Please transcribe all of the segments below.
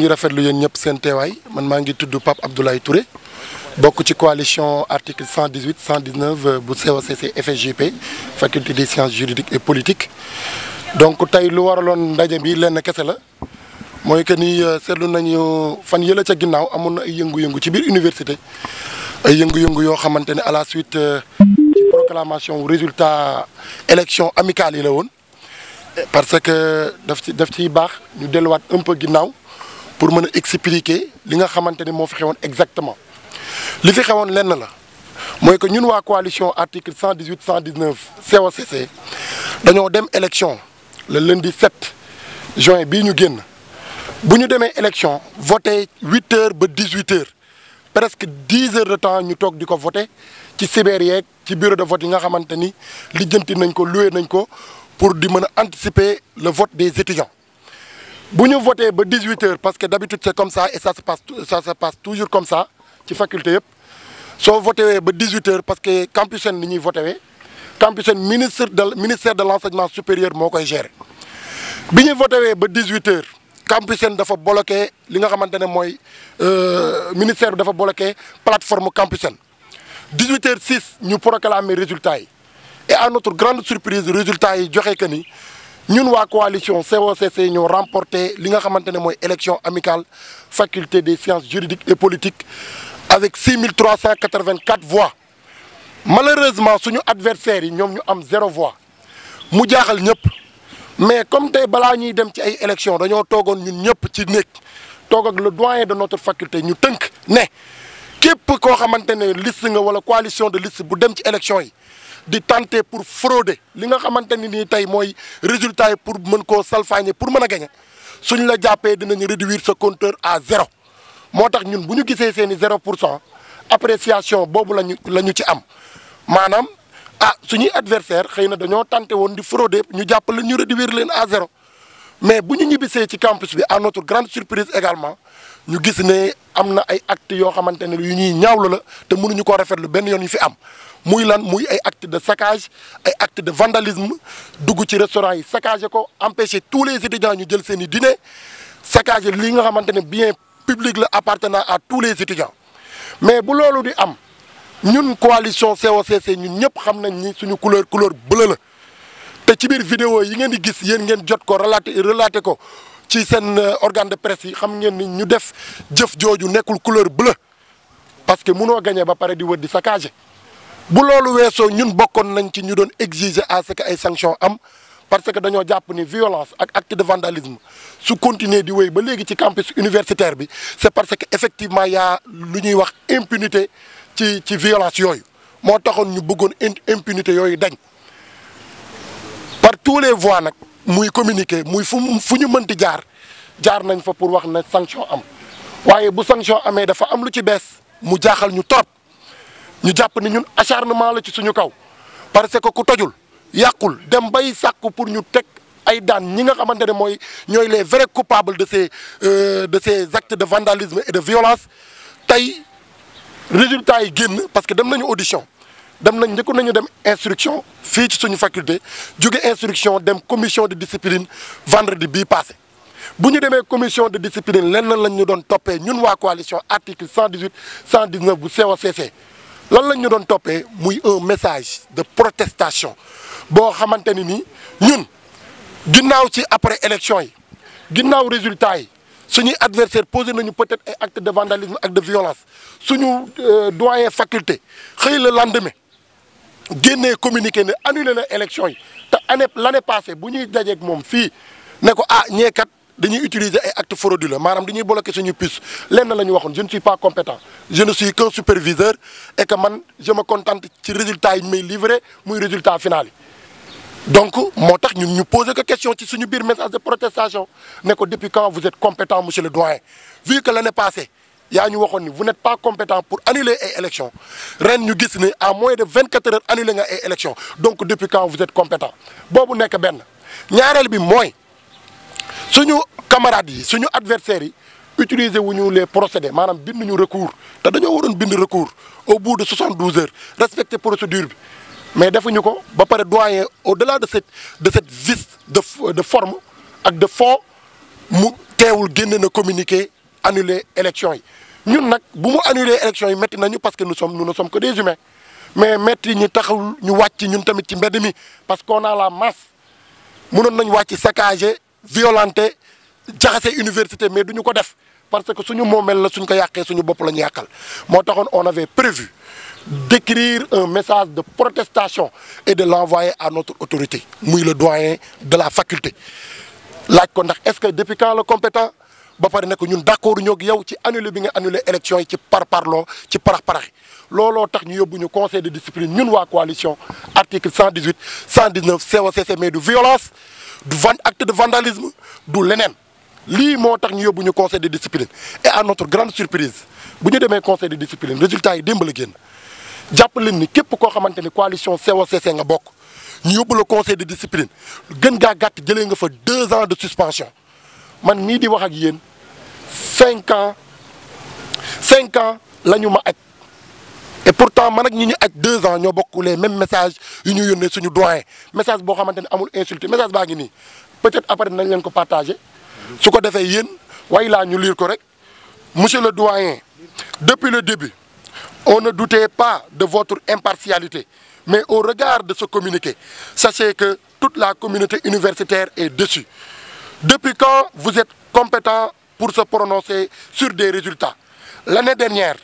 ngi rafetlu yéen ñëpp seen teewaay man maa ngi tudd Pape Abdoulaye Touré bokk ci coalition article 118 119 euh, bu COCC FSJP faculté des sciences juridiques et politiques donc tey lu waraloon ndaje bi lenn kese la mooy que ni euh, seetlu nañu fan yëla ca ginnaaw amoon na ay yëngu-yëngu ci biir université ay yëngu-yëngu yoo xamante ne à la suite euh, ci proclamation résultat élection amicale yi la woon parce que daf ci daf ciy baax ñu delluwaat un peu ginnaaw pour mën a expliquer li nga xamante ni moo fi xewoon exactement li fi xewoon lenn la mooy que ñun waa coalition article 118 119 COCC dañoo dem élection le lundi 7 juin bii ñu génn bu ñu demee élection voté huit heures ba 18 heures presque 10 heures de temps ñu toog di ko voté ci sibeer yeeg ci bureau de vote yi nga xamante ni lijjanti nañ ko loué nañ ko pour di mën a anticiper le vote des étudiants. bu ñu voté ba 18 heures parce que d'habitude c'est comme ça et ça se passe toujours comme ça ci faculté yëpp soo voté ba 18 heures parce que campusen ni ñuy voté wee campusen ministre de ministère de l'enseignement supérieur moo koy gérer bi ñu voté wee ba 18 heures campusen dafa bloqué li nga xamante ne mooy euh, ministère bi dafa bloqué plateforme campusen 18 heures 6 ñu amee résultat yi et à notre grande surprise résultat yi joxe que ni ñun waa coalition COCC ñoo remporté li nga xamante ne mooy élection amicale faculté des sciences juridiques et politiques avec six quatre voix malheureusement suñu adversaires yi ñoom ñu am zéro voix mu jaaxal ñëpp mais comme tey balaa ñuy dem ci ay élection dañoo toogoon ñun ñëpp ci néeg toog le doyen de notre faculté ñu tënk ne képp koo xamante ne liste nga wala coalition de liste bu dem ci élection yi di tenter pour frauder li nga xamante ni nii tey mooy résultat yi pour mën koo salfaañe pour mën a gañe suñ la jàppee dinañ réduire sa compteur à zéro moo tax ñun bu ñu gisee seen i zéro pour cent appréciation boobu lañu la ñu ci am maanaam su ah, suñuy adversaire xëy na dañoo tenter woon di frauder ñu jàppale ñu réduire leen à zéro mais bu ñu ñibbisee ci campus bi en notre grande surprise également ñu gis ne am na ay actes yoo xamante ne yu ñuy ñaawlu la te mënuñu ko rafetlu benn yoon ñu fi am muy lan muy ay actes de saccage ay actes de vandalisme dugg ci restaurant yi saccagé ko empêcher tous les étudiants ñu jël seen i dîner saccagé li nga xamante ne bien public la appartenant à tous les étudiants mais bu loolu di am ñun coalition COCC ñun ñëpp xam nañ ni suñu couleur couleur bleue la te ci biir vidéo yi ngeen di gis yéen ngeen jot ko relaté relaté ko ci seen euh, organe de presse yi xam ngeen ni ñu def jëf jooju nekkul couleur bleue parce que munoo gañe ba pare di wër di saccagé bu loolu weesoo ñun bokkoon nañ ci ñu doon exiger à ce que ay sanctions am parce que dañoo jàpp ni violence ak acte de vandalisme su continuer di wéy ba léegi ci campus universitaire bi c'est parce que effectivement y'a lu ñuy wax impunité ci ci violence yooyu moo taxoon ñu bëggoon impunité yooyu dañ par tous les voies nag muy communiqué muy fu fu ñu mënti jaar jaar nañ fa pour wax na sanction am waaye bu sanction amee dafa am lu ci bees mu jaaxal ñu trop ñu jàpp ni ñun acharnement la ci suñu kaw parce que ku tojul yàqul dem bay sàkku pour ñu teg ay daan ñi nga xamante ne mooy ñooy les vrais coupables de ces euh, de ces actes de vandalisme et de violence tey résultat yi génn parce que dem nañu audition dem nañ njëkkoon nañu dem instruction fii ci suñu faculté jóge instruction dem commission de discipline vendredi bii passé bu ñu demee commission de discipline lenn lañ ñu doon toppee ñun waa coalition article 118 119 bu COCC lan lañ ñu doon toppee muy un message de protestation boo xamante ni ni ñun ginnaaw ci après élection yi ginnaaw résultat yi suñuy adversaire posé nañu peut-être ay actes de vandalisme ak de violence suñu euh, doyen faculté xëy la lendemain génnee communiqué ne annulé na élection yi te année l'année bu ñuy dajeek moom fii ne ko ah ñeekat dañuy utiliser ay actes frauduleux maanaam dañuy bloquer suñu puce lenn la ñu waxoon je ne suis pas compétent je ne suis qu'un superviseur et que man je me contente ci résultat yi may livré muy résultat final yi donc moo tax ñun ñu posé ko question ci suñu biir message de protestation ne ko depuis quand vous êtes compétent monsieur le doyen vu que l'année passée yaa ñu waxoon ni vous n'êtes pas compétent pour annuler ren ñu gis ni à moins de vingt quatre heures annulé nga ay élections donc depuis quand vous êtes compétent boobu nekk benn ñaareel bi mooy suñu camarades yi suñu adversaires yi utiliser wu ñu les procédés maanaam bind ñu recours te dañoo waroon bind recours au bout de soixante douze heures respecter procédure bi mais defuñu ko ba pare doyen au delà de cette de cette geste de de forme ak de fond mu teewul génne na communiqué. annuler élection yi ñun nag bu mu annuler élection yi métti nañu parce que nous sommes nous ne sommes que des mais métti ñu taxawul ñu wàcc ñun tamit ci mbedd mi parce qu'on a la masse mënoon nañu wàcc saccager violenter jaxase université mais duñu ko def parce que suñu moomeel la suñ ko yàqee suñu bopp la ñu yàqal moo taxoon on avait prévu d'écrire un message de protestation et de l'envoyer à notre autorité muy le doyen de la faculté laaj ko ndax est-ce que depuis quand ba pare ne ko ñun d'accord ñoo ak yow ci annulé bi nga annulé élection yi ci par parloo ci parax parax looloo tax ñu yóbbu ñu conseil de discipline ñun waa coalition article 118 119 COCC mais du violence du van acte de vandalisme du leneen lii moo tax ñu yóbbu ñu conseil de discipline et à grande surprise bu ñu demee conseil de discipline résultat yi démb la génn jàpp leen ni képp koo xamante ni coalition COCC nga bokk ñu la conseil de discipline gën gaa jëlee nga fa deux ans de suspension man mii di wax ak yéen. cinq ans cinq ans la ñu ma aj et pourtant man ak ñi ñu aj deux ans ñoo bokk les message messages yu ñu yónnee suñu doyen message boo xamante ne amul insulté message baa ngi nii peut-être après nañ leen ko partagé su ko defee yéen way laa ñu lire ko rek monsieur le doyen depuis le début on ne doutait pas de votre impartialité mais au regard de ce communiqué sachez que toute la communauté universitaire est déçue depuis quand vous êtes compétent pour se prononcer sur des résultats. L'année dernière,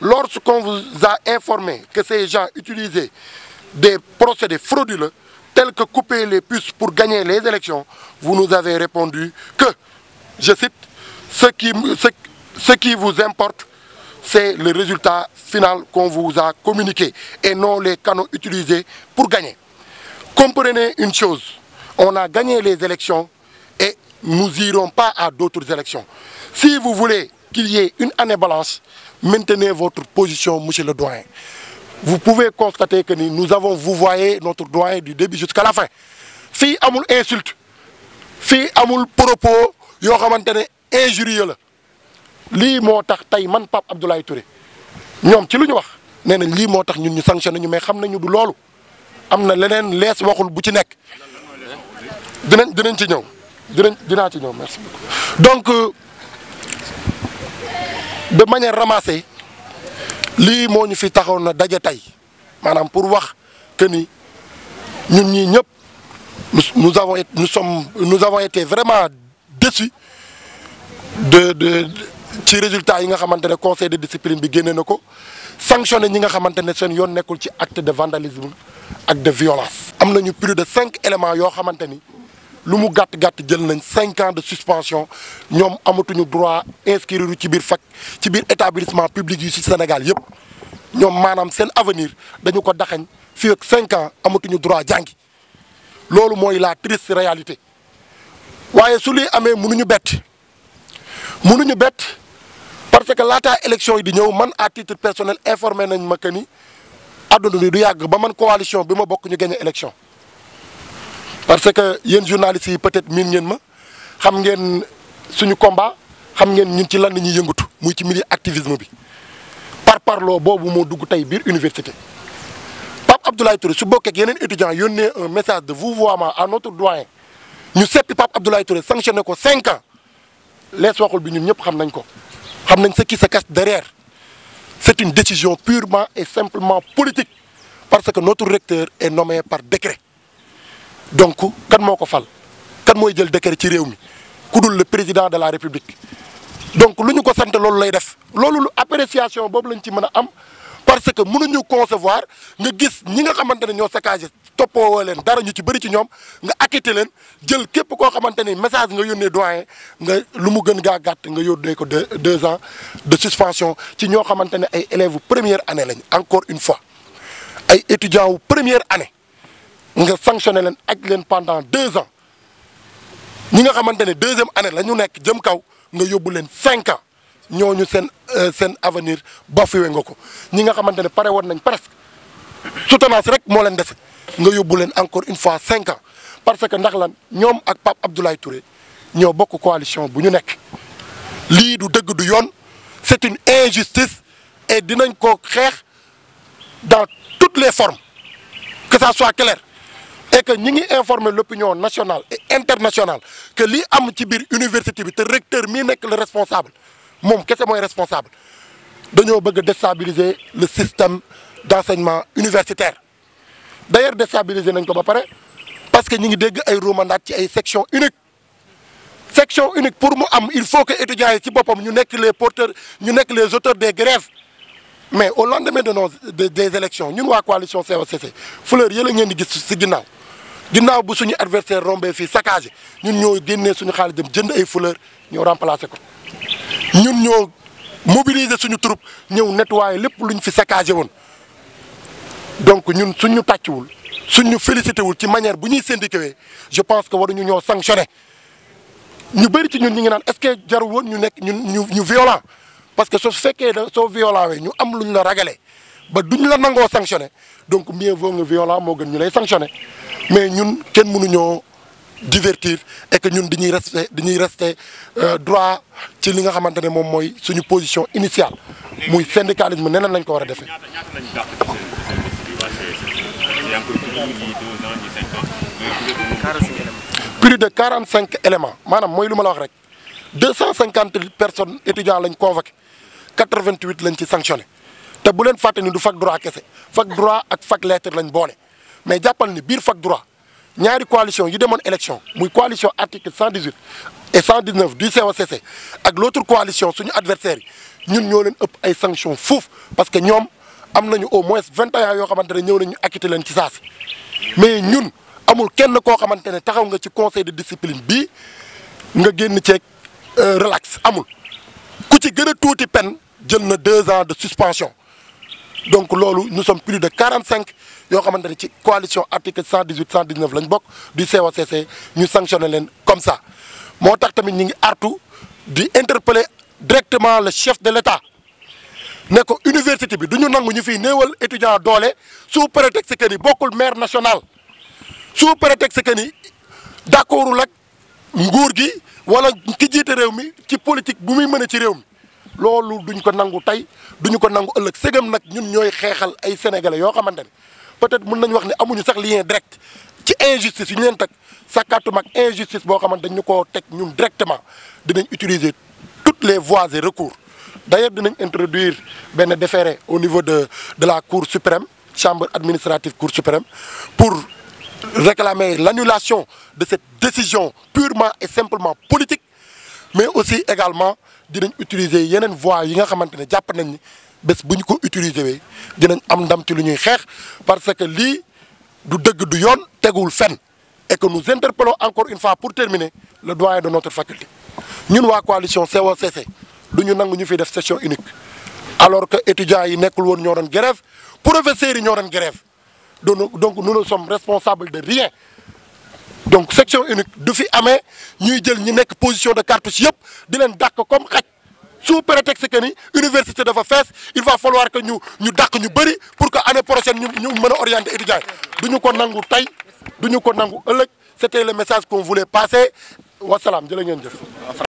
lorsqu'on vous a informé que ces gens utilisaient des procédés frauduleux tel que couper les puces pour gagner les élections, vous nous avez répondu que, je cite, ce qui, ce, ce qui vous importe, c'est le résultat final qu'on vous a communiqué et non les canaux utilisés pour gagner. Comprenez une chose, on a gagné les élections nous n'irons pas à d'autres élections. Si vous voulez qu'il y ait une année balance, maintenez votre position, monsieur le doyen. Vous pouvez constater que nous avons, vous voyez, notre doyen du début jusqu'à la fin. fii amul insulte fii amul propos yoo xamante ne injurieux la lii moo tax tey man Pape Abdoulaye ture ñoom ci lu ñu wax nee nañ lii moo tax ñun ñu sanctionné ñu mais xam nañu du loolu am na leneen lees waxul bu ci nekk dinañ dinañ ci ñëw. dinañ dinaa ci ñëw merci donc euh, de manière ramassée lii moo ñu fi taxaw na daje tey maanaam pour wax que ni ñun ñii ñëpp nous avons nous sommes nous avons été vraiment déçus de de ci résultat yi nga xamante ne conseil de discipline bi génne na ko sanctionné ñi nga xamante ne seen yoon nekkul ci acte de vandalisme ak de violence. am na ñu plus de cinq éléments yoo xamante ni. lu mu gàtt gàtt jël nañ cinq ans de suspension ñoom amatuñu droit inscrire ci biir fac ci biir établissement public yi si Sénégal yëpp ñoom maanaam seen avenir dañu ko daxañ fii ak cinq ans amatuñu droit jàngi loolu mooy la triste réalité waaye su luy amee mënuñu bett mënuñu bett parce que laataa élection yi di ñëw man à personnel informé nañ ma que ni du yàgg ba man coalition bi ma bokk ñu gagné élection. parce que yéen journalistes yi peut-être miin ngeen ma xam ngeen suñu combat xam ngeen ñun ci lan la ñuy yëngatu muy ci milieu activisme bi par par parloo boobu moo dugg tey biir université Pape Abdoulaye Touré su bokkee ak yeneen étudiants yónnee un message de vouvoiement à notre doyen ñu seppi Pape Abdoulaye Touré sanctionné ko 5 ans lees waxul bi ñun ñëpp xam nañ ko xam nañ sa qui se cache derrière c'est une décision purement et simplement politique parce que notre recteur est nommé par décret. donc kan moo ko fal kan mooy jël décret ci réew mi ku dul le président de la république donc lu ñu ko sant loolu lay def loolu appréciation boobu lañ ci mën a am parce que mënuñu concevoir nga gis ñi nga xamante ne ñoo saccagé toppoo leen dara ñu ci bëri ci ñoom nga acquitté leen jël képp koo xamante ni message nga yónnee doyen nga lu mu gën gaa gàtt nga yónnee ko deux deux ans de suspension ci ñoo xamante ne ay élèves première année lañ encore une fois ay étudiants wu première année. nga sanctionné leen aj leen pendant deux ans ñi nga xamante ne deuxième année la ñu nekk jëm kaw nga yóbbu leen cinq ans ñooñu seen euh, seen avenir bafoué nga ko ñi nga xamante ne pare woon nañ presque soutenance rek moo leen dese nga yóbbu leen encore une fois cinq ans parce que ndax lan ñoom ak Pape Abdoulaye Touré ñoo bokk coalition bu ñu nekk lii du dëgg du yoon c'est une injustice et dinañ ko xeex dans toutes les formes que ça soit clair et que ñi ngi informer l'opinion nationale et internationale que li am ci biir université bi te recteur mii nekk le responsable moom kese mooy responsable dañoo bëgg déstabiliser le système d'enseignement universitaire d'ailleurs déstabiliser nañ ko ba pare parce que ñi ngi dégg ay romandaat ci ay section unique section unique pour mu am il faut que étudiants yi ci boppam ñu nekk le porteurs ñu nekk le auteurs des grèves mais au lendemain de nos des élections ñun waa coalition COCC fleur yële ngeen di gis si ginnaaw ginnaaw bu suñu adversaire rombé fii saccagé ñun ñoo génnee suñu xaalis dem jënd ay fleur ñoo remplacé ko ñun ñoo mobiliser suñu troupe ñëw nettoyer lépp luñ fi saccagé woon donc ñun suñu tàccuwul suñu félicité wul ci manière bu ñuy syndiqué je pense que war waruñu ñoo sanctionné ñu bëri ci ñun ñu ngi naan est-ce que jarul woon ñu nekk ñun ñu ñu violent parce que soo fekkee da soo violent wee ñu am luñu la ragalee ba duñ la nangoo sanctionné donc mieux vaut nga violent moo gën ñu lay sanctionné mais ñun kenn mënuñoo divertir et que ñun dañuy rester dañuy rester euh, droit ci li nga xamante ne moom mooy suñu position initiale muy syndicalisme neneen lañ ko war a defee. plus de cinq éléments maanaam mooy lu ma la wax rek 250 personnes étudiants lañ convoqué 88 lañ ci sanctionné. te bu leen fàtte ni du fac droit kese fac droit ak fac lettre lañ boole mais jàppal ni biir fac droit ñaari coalition yi demoon élection muy coalition article 118 et 119 du COCC ak l'autre coalition suñu adversaire yi ñun ñoo leen ëpp ay sanctions foofu parce que ñoom am nañu au moins 21 yoo xamante ne ñëw nañu acquitté leen ci saasi mais ñun amul kenn koo xamante ne taxaw nga ci conseil de discipline bii nga génn ceeg euh, relax amul ku ci gën a tuuti peine jël na deux ans de suspension donc loolu ñu sommes plus de cinq yoo xamante ne ci coalition article 118 119 lañ bokk du COCC ñu sanctionné leen comme ça moo tax tamit ñu ngi artu di interpeller directement le chef de l'État ne ko université bi du ñu nangu ñu fiy néewal étudiant doole sous prétexte que ni bokkul maire national sous prétexte que ni d'accordul ak nguur gi wala ki jiite réew mi ci politique bu muy mën a ci réew mi. loolu duñ ko nangu tey duñu ko nangu ëllëg sëgam nag ñun ñooy xeexal ay sénégalais yoo xamante ne peut-être mun nañu wax ni amuñu sax lien direct ci injustice yu ñu leen teg sàkkaatuma ak injustice boo xamante dañu ko teg ñun directement dinañ utiliser toutes les voies et recours d'ailleurs dinañ introduire benn déféré au niveau de de la cour suprême chambre administrative cour suprême pour réclamer l'annulation de cette décision purement et simplement politique mais aussi également dinañ utiliser yeneen voies yi nga xamante ne jàpp nañ ni bés bu ñu ko utiliser wee dinañ am ndam ci lu ñuy xeex parce que lii du dëgg du yoon tegul fenn et que nous interpellons encore une fois pour terminer le doyen de notre faculté ñun waa coalition COCC du ñu nangu ñu fiy def session unique alors que étudiants yi nekkul woon ñoo doon grève professeurs yi ñoo doon grève donc nous ne sommes responsables de rien donc section unique du fi amee ñuy jël ñi nekk position de cartouche yëpp di leen dàq comme xaj sous prétexte que ni université dafa fees il va falloir que ñu ñu dàq ñu bëri pour que année prochaine ñu ñu mën a orienter étudiants yi du ñu ko nangu tey du ñu ko nangu ëllëg c'était le message qu'on voulait passer wasalaam jërë ngeen jël